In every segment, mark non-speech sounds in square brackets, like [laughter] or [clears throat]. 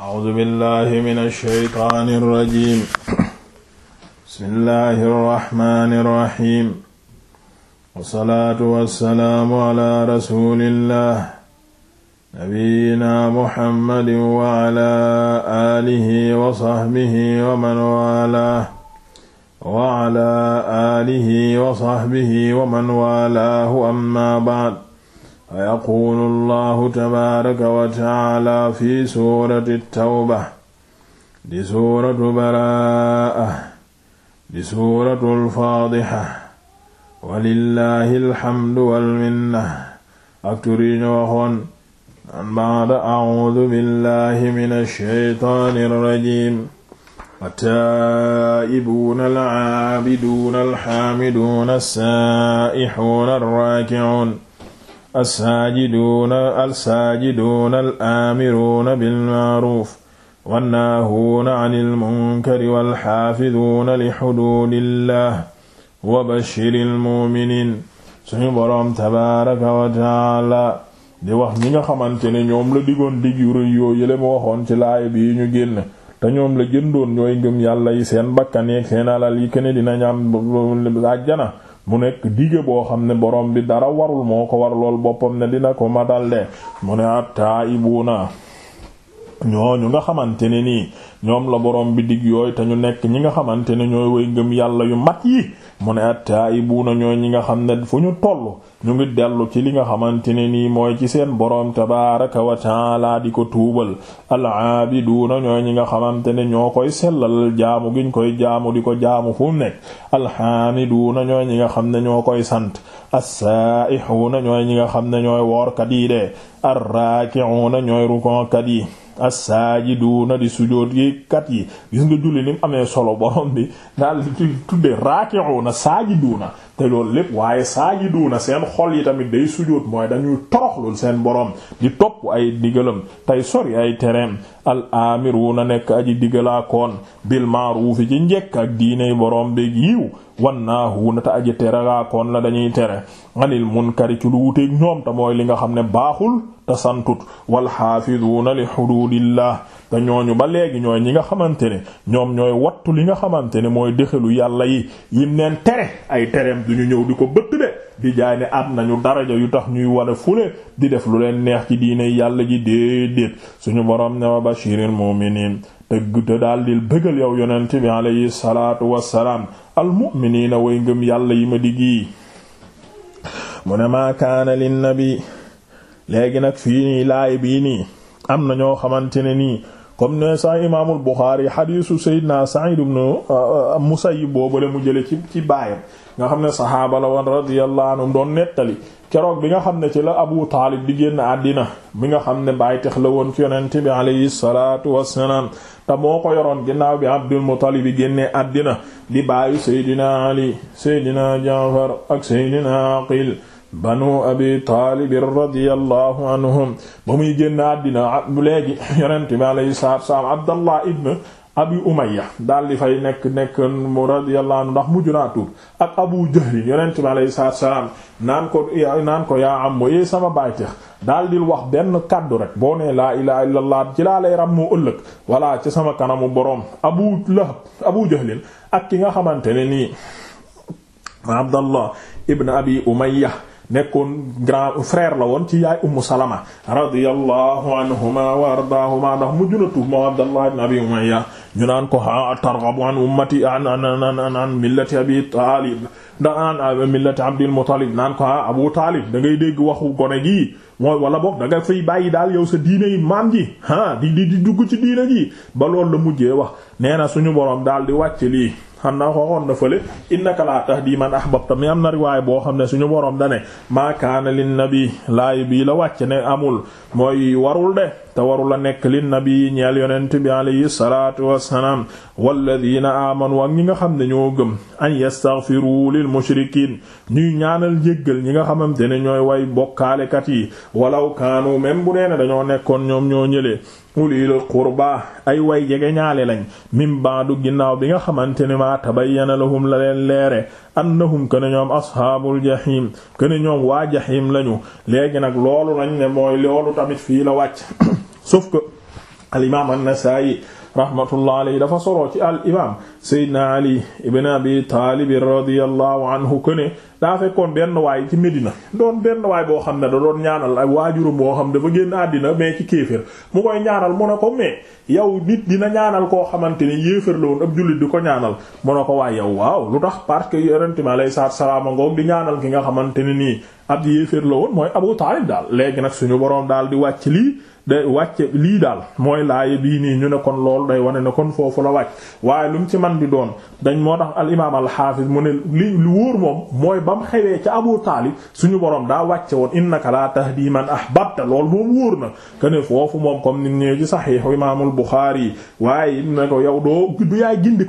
A'uuzu billaahi mina shaytaani rajiim. Bismillaahi rahmaani rahiim. Wa salaatu wa salaamu alaa rasuulillaah. Nabiyyinaa Muhammadin wa alaa aalihi wa sahbihi wa man waalaah. Wa alaa aalihi wa sahbihi wa man waalaahu ammaa ba'd. yaquulu allahu tabaaraka wa taala fi suurati tawba di suuratu baraa'a di suuratu alfaadixa walillahi alxamdu walminna ak turiñu waxoon an baada acuudu billahi min alsheytaani alrajim attaa'ibuuna alcaabiduuna alxaamiduuna alsaa'ixuuna alraakicuun assaajiduuna alsaajiduuna alaamiruuna bilmaaruuf wannaahuuna an ilmunkari walxaafiduuna li xuduudillah wa bashiri lmuminin suñu boroom tabaaraka wa taala di wax ñi nga xamante ne ñoom la digoon dig yu rëy yoo yële waxoon ci laaya bii ñu génn te ñoom la jëndoon ñooy ngëm yàlla yi seen bakkan yeeg seen alal yi kene dinañ am àjjana mu nekk dige boo xam ne borom bi dara warul moo ko war lool boppam ne dina ko matal de mu ne at-taa'ibuuna ñu nga xamante ne nii ñoom la borom bi dig yooyu te ñu nekk ñi nga xamante ne ñooy way ngëm yàlla yu mat yi mu ne attaayibuuna ñooy ñi nga xam ne fu ñu toll ñu ngi dellu ci li nga xamante ne nii mooy ci seen borom tabaaraka wa taala di ko tuubal alaabiduuna ñooy ñi nga xamante ne ñoo koy sellal jaamu giñ koy jaamu di ko jaamu fu nekk alhaamiduuna ñooy ñi nga xam ne ñoo koy sant assaa'ihuuna ñooy ñi nga xam ne ñooy woorkat yi de arraaki'uuna ñooy rukoonkat yi as-saajiduuna di sujoot yi kat yi gis nga julli ni mu amee solo borom bi daal di tudde raaki'uuna saajiduuna te loolu lépp waaye saajiduuna seen xol yi tamit day sujoot mooy dañuy toroxlul seen borom di topp ay digalam tey sori ay tereem al na nekk aji digalaakoon bil ma'ruufi ci njekk ak diiney borom bi yiw wannaahuuna te aji teralaakoon la dañuy tere anil munkari ci lu wuteeg ñoom te mooy li nga xam ne baaxul te santut walxaafiduuna li xuduudillah te ñooñu ba léegi ñooy ñi nga xamante ne ñoom ñooy wattu li nga xamante ne mooy dexelu yàlla yi yim neen tere ay tereem du ñu ñëw di ko bëtt de di jaay ne am nañu daraja yu tax ñuy wane fule di def lu leen neex ci diine yàlla ji déedéet suñu borom ne wa bashiril mu'minin dëgg te daal di bëggal yow yonent bi alayhi salaatu wassalaam al way ngëm yàlla yi ma diggi mu ne maa kaana linnabi léegi nag fii nii laay bii nii am na ñoo xamante ne nii comme ne sax imaamul Buxaari xadiisu Seydina Saïd ibn euh, euh, Musayyib boobale mu jële ci ci baayam nga xam ne saxaaba la woon radiyallahu anhum nettali keroog bi nga xam ne ci la Abu Taalib di génn àddina bi nga xam ne bàyyi tex la woon ci yonent bi alayhi salaatu wassalaam te moo ko yoroon ginnaaw bi Abdul Muttalib bi génnee àddina di baayu Seydina Ali Seydina Jaafar ak Seydina Aqil banu abi taalibin radiyallahu anhum ba muy génn àddina léegi yonent bi alayhi salaatu wassalaam abdallah ibn abi umayya daal di fay nekk nekk mu radiyallahu anhu ndax mujj naa tuub ak abu jahl yonent bi alayhi salaatu naan ko yaa am mooy sama baayteex daal di wax benn kàddu rek boo nee laa ilaha illallah ci laa lay ram moo ëllëg ci sama kanamu boroom abu lahab abu jahlin ak ki nga xamante ne nii abdallah ibn abi umayya nekkoon grand frère la woon ci yaay ummu salama radiyallahu anhuma wa ardaahuma ndax mujj na tuub moo abdallah ibn abi umayya ñu naan ko a targhabu an ummati an an an an millati abi taalib ndax an millati abdil muttalib naan ko a abu taalib da ngay dégg waxu gone gi mooy wala boog da nga fay bàyyi daal yow sa diine yi maam ji ah di di di dugg ci diine ji ba loolu la mujjee wax nee na suñu borom daal di wàcc lii xan naa waxoon na fële innaka laa tahdi man ahbabta mi am na riwaay boo xam ne suñu borom da ne maa na lin nabi bii la wàcc ne amul mooy warul de te waru la nekk li nabi ñeel yonent bi alayhi salaatu wassalaam walladina aamanu ak ñi nga xam ne ñoo gëm an yastaghfiru lil mushrikiin ñuy ñaanal njéggal ñi nga xamante ne ñooy way bokkaalekat yi walaw kaanu même bu nee ne dañoo nekkoon ñoom ñoo ñëlee ulil qurba ay way jege ñaale lañ min baadu ginnaaw bi nga xamante ne maa tabayyana lahum la leen leere annahum kene ñoom ashaabul jahim kene ñoom waa jahim lañu léegi nag loolu lañ ne mooy loolu tamit fii la wàcc [coughs] sauf que al imaam an-Nasaa'i rahmatullah alayhi dafa soroo ci al imaam Seydina Ali ibn Abi Taalib radiyallahu anhu daa fekkoon benn waay ci Medina doon benn waay boo xam ne da doon ñaanal ay waajuram boo xam dafa génn àddina mais ci kéefër mu koy ñaanal mu ne ko mais yow nit dina ñaanal koo xamante ni yéefër la woon ab jullit ko ñaanal mu ne ko waay yow waaw lu tax parce que yonent mi alayhi salaatu salaam ngoog di ñaanal ki nga xamante ne nii ab yéefër la woon mooy Abu Taalib daal léegi nag suñu boroom daal di wàcc lii day wàcce lii daal mooy laaye bii nii ñu ne kon lool day wane ne kon foofu la wàcc waaye lu mu ci man di doon dañ moo tax al imaam al xaafis mu ne li lu wóor moom mooy ba mu xewee ca Abu Taalib suñu borom daa wàcce woon innaka laa tahdi man ahbabta loolu moom wóor na kene foofu moom comme nit ñëwee ci saxiix imaamul Buxaari waaye ne ko yow doo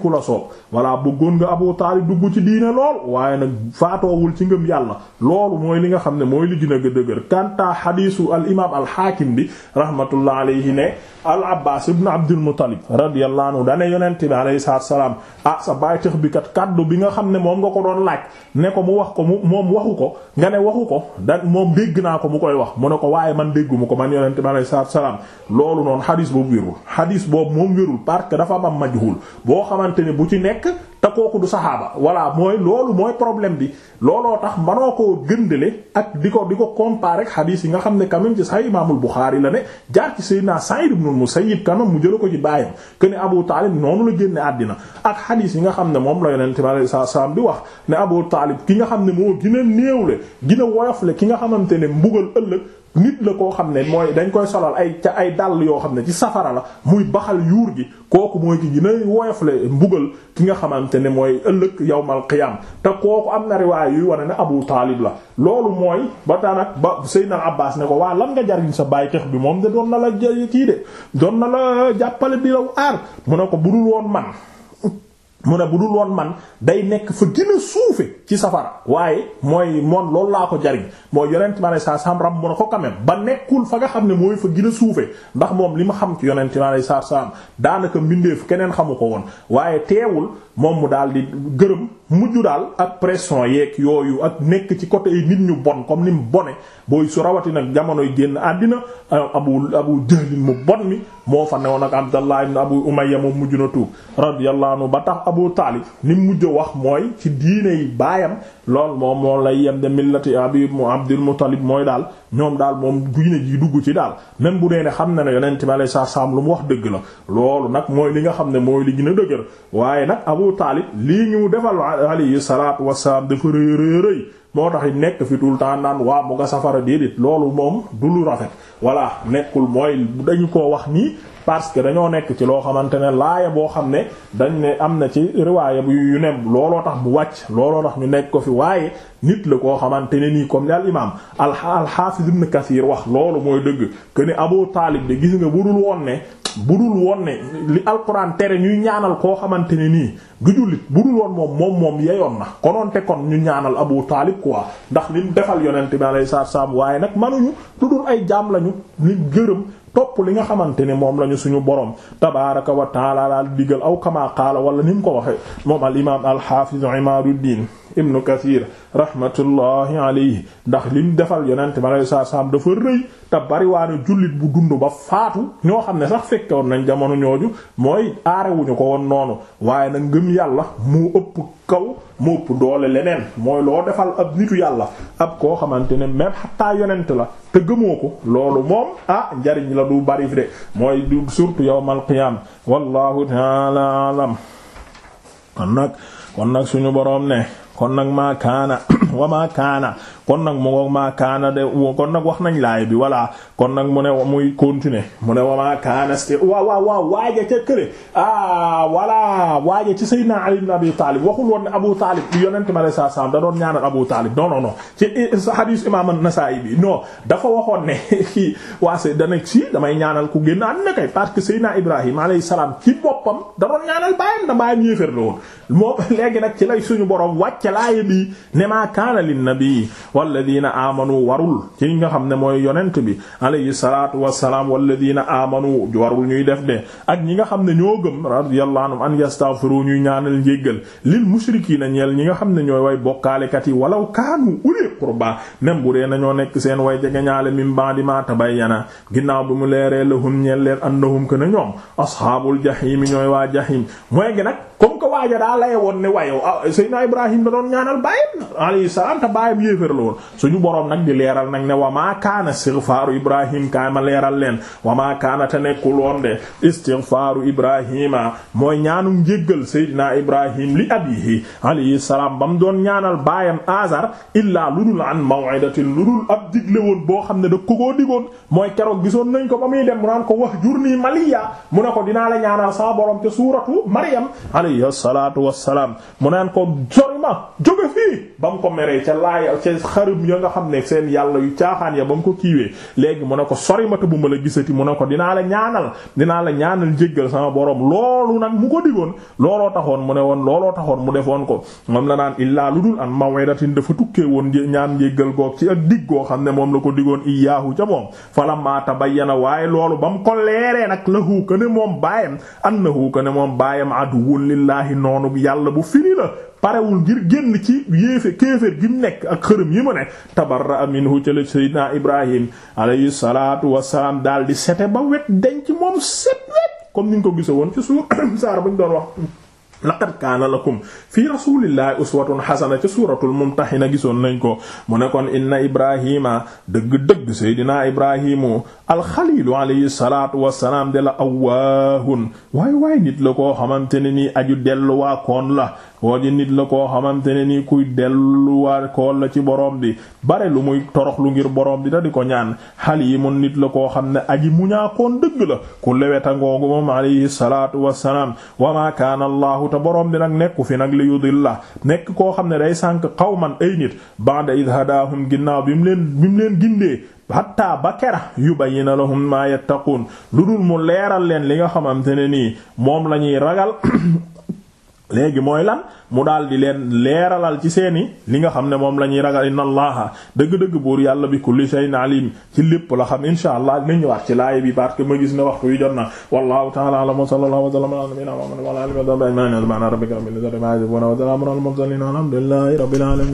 ku la soob voilà bëggoon nga Abu Taalib dugg ci diine lool waaye nag faatoowul ci ngëm yàlla loolu mooy li nga xam ne mooy li gën a dëgër kanta xadiisu al imaam al xaakim bi rahmatullah alayhi ne al Abbaas ibn Abdul Muttalib radiyallahu anhu dane yonent bi alayhi salaam ah sa baay tëx bi kat kaddu bi nga xam ne moom nga ko doon laaj ne ko mu wax wax ko moom waxu ko nga ne waxu ko da moom dégg naa ko mu koy wax mu ne ko waaye man dégguma ko man yonente bi aleyi salaatu salaam loolu noonu xadis boobu wérul xadis boobu moom wérul parce que dafa am majhul boo xamante ne bu ci nekk kooku du saxaaba voilà mooy loolu mooy problème bi looloo tax manoo koo gëndale ak di ko di ko comparer ak xadiis yi nga xam ne quand même ci Sahih Imaamul Buxaari la ne jaar ci Seydina Saïd ibn kanam mu jëla ko ci baayam que ne Abu Taalib noonu la génne àddina ak xadiis yi nga xam ne moom la Yonent bi sallallahu alayhi wasallam di wax ne Abu Taalib ki nga xam ne moo gën a le gën a le ki nga xamante ne mbugal ëllëg nit la koo xam ne mooy dañ koy solal ay ca ay dàll yoo xam ne ci safara la muy baxal yuur gi kooku mooy gi gën a woyofle mbugal ki nga xamante ne mooy ëllëg yawmal qiyaam te kooku am na riwaay yuy wane ne Abu Taalib la loolu mooy ba daanaka ba Seydina Abbaas ne ko waa lan nga jariñ sa baytex bi moom de doon na la kii de doon na la jàppale bi law aar mu ne ko budul woon man mu ne bu dul woon man day nekk fa gën suufe ci safara waaye mooy moom loolu laa ko jariñ mooy yonent ma ne saa sam ram ne ko quand ba nekkul fa nga xam ne mooy fa gën suufe ndax moom li ma xam ci yonent ma ne saa sam daanaka mbindeef keneen xamu ko woon waaye teewul moom mu daal di gërëm mujj daal ak pression yeeg yooyu ak nekk ci côté yi nit ñu bon comme ni mu bone booy su rawati nag jamonoy génn àddina euh, abu abu jahlin mu bon mi moo fa newoon ak abdallah ibn abu umayya moom mujj na tuub radiyallahu ba tax abu taalib ni mujj wax mooy ci diine yi baayam lool moom moo lay yem de millati abi abdul muttalib mooy daal ñoom daal moom diine ji dugg ci daal même bu dee ne xam na ne yonent bi alayhi salaam lu mu wax dëgg la loolu nag mooy li nga xam ne mooy li gën a dëgër waaye nag Abu Taalib lii ñu defal alayhi salaatu wassalaam dafa rëy rëy rëy moo tax it nekk fi tout le temps naan waa mu nga safara déedéet loolu moom du lu rafet voilà nekkul mooy dañu ko wax nii parce que dañoo nekk ci loo xamante ne laaya boo xam ne dañu ne am na ci riwaaya bu yu nem looloo tax mu wàcc looloo tax ñu nekk ko fi waaye nit la koo xamante ne nii comme li al imam al al-Hafiz Kathir wax loolu mooy dëgg que ni Abu Talib de gis nga budul woon ne budul woon ne li alquran tere ñuy ñaanal koo xamante ne nii du jullit budul woon moom moom moom yeyoon na konoonte ñu ñaanal Abu Talib quoi ndax lim defal yonent bi alayhi salaatu salaam waaye nag manuñu lu dul ay jaam lañu lim gërëm topp li nga xamante ne moom lañu suñu borom tabaaraka wa taala daal digal aw kamaa qaala wala ni mu ko waxee moom al imaam al haafiz Imaaduddin ibnu kathir rahmatullahi alayhi ndax lim defal yonent ma lay saa saam dafa rëy te bariwaane jullit bu dund ba faatu ñoo xam ne sax fekke woon nañ jamono ñooju mooy aarewuñu ko woon noonu waaye nag ngëm yàlla mu ëpp kaw mu ëpp doole leneen mooy loo defal ab nitu yàlla ab koo xamante ne même xataa yonent la te gëmoo ko loolu moom ah njariñ la du bari fi de mooy du surtout yawmal qiyaam wallahu taala kon nag kon nag suñu boroom ne kon nag maa kaana [clears throat] wa maa kaana kon nag mu ngoog maa kaana de kon nag wax nañ laay bi voilà kon nag mu ne muy continuer mu ne wa maa kaana st waaw waaw waaw waaja ca kële ah ci sayyidina Ali ibn Abi Talib waxul woon ne Abu Talib bi yonent mi alayhi salaam da doon ñaanal Abu Talib non non non ci eh, hadith imam bi non dafa waxoon ne kii waa se dana si damay ñaanal ku génn àddina kay parce que sayyidina Ibrahim alayhi salaam ci boppam da doon ñaanal bàyyam da bàyyam yéefér la woon moom nag ci lay suñu borom wàcce laaya bi ne maa kaana lin nabi walladina amanu warul ci nga xam ne mooy yonent bi alayhi salatu wasalaam walladina amanu warul ñuy def de ak ñi nga xam ne ñoo gëm radiyallahu anhum an yastaghfiru ñuy ñaanal njéggal lil mushrikiina ñeel ñi nga xam ne ñooy way bokkaalekat yi walaw kaanu uli qurba même bu dee nañoo nekk seen way jege ñaale min ba'di ma tabayyana ginnaaw bi mu leeree lahum ñeel leen annahum kana ñoom ashaabul jahim ñooy waa jahim mooy gi nag comme que waaja daa lay woon ne wayow ah, Seydina Ibrahim da doon ñaanal baayam alayhi salaam woon suñu boroom nag di leeral nag ne wamaa kaana istighfaaru ibrahim kaa ma leeral leen wamaa kaana te nekkul woon de istighfaaru mooy ñaanu njéggal seydinaa ibrahim li abihi alayhi ba mu doon ñaanal baayam azar illaa lu dul an maw'idatin lu dul ab digle woon boo xam da ko koo digoon mooy keroog gisoon nañ ko ba muy dem mu naan ko wax jurni maliya mu ne ko dinaa la ñaanal sa boroom te suuratu maryam alayhi salaatu wassalaam mu naan ko sori ma jóge fii ba mu ko meree ca laaya ca xarum ya nga xam ne seen yàlla yu caaxaan ya ba mu ko kiiwee léegi mu ne ko sori mata bu ma la gisati mu ne ko dinaa la ñaanal dinaa la ñaanal jéggal sama borom loolu nag mu ko digoon looloo taxoon mu ne woon looloo taxoon mu defoon ko moom la naan illaa lu dul an mawidatin dafa tukkee woon ñaan njéggal goog ci ak dig goo xam ne moom la ko digoon iyaahu ca moom falamma tabayyana waaye loolu ba mu ko leeree nag lahu ko ne moom baayam annahu ko ne moom baayam aduwwun lillaahi noonu yàlla bu fini la parewul ngir génn ci yéefe kéeféer gi mu nekk ak mii mu ne tabarra minhu ca la seydina ibrahim alayhi salaatu wassalaam daal di sete ba wet denc moom set wet comme ni ñu ko gisa woon ci suur [coughs] saar buñ doon wax laqad kaana lakum fi rasulillahi uswatun xasana ca suuratul mumtaxina gisoon nañ ko mu ne kon inna ibrahima dëgg-dëgg seydinaa ibrahimu alxalilu alayhi salatu wasalaam de la awwaahun waay waay nit la koo xamante ne nii aju delluwaakoon la koo ji nit la koo xamante ne nii kuy delluwaa kool la ci boroom bi bare lu muy torox lu ngir borom bi da di ko ñaan haliimun nit la koo xam ne aji muñaakoon dëgg la ku leweta ngoogu moom alayhi salaatu wassalaam wa maa kaana allahu te borom bi nag nekku fi nag li yudilla nekk koo xam ne day sànq man ay nit ba'da id ginnaaw bi mu leen bi mu leen gindee hatta ba kera yubayyina lahum maa yattaquun lu dul mu leeral leen li nga xamante ne nii moom lañuy ragal [clears throat] léegi mooy lan mu daal di leen leeralal ci seeni li nga xam ne moom la ñuy ragal inna allaha dëgg-dëgg buur yàlla bi kulli shay'in alim ci lépp la xam insha allah dinañu wax ci laay bi parce que ma gis ne waxtu wi jot na wallahu ta'ala a'lam wa sallallahu wa sallama ala nabiyyina muhammadin wa ala alihi wa sahbihi ajma'in subhana rabbika rabbil izzati amma yasifun wa salamun alal mursalin walhamdulillahi rabbil alamin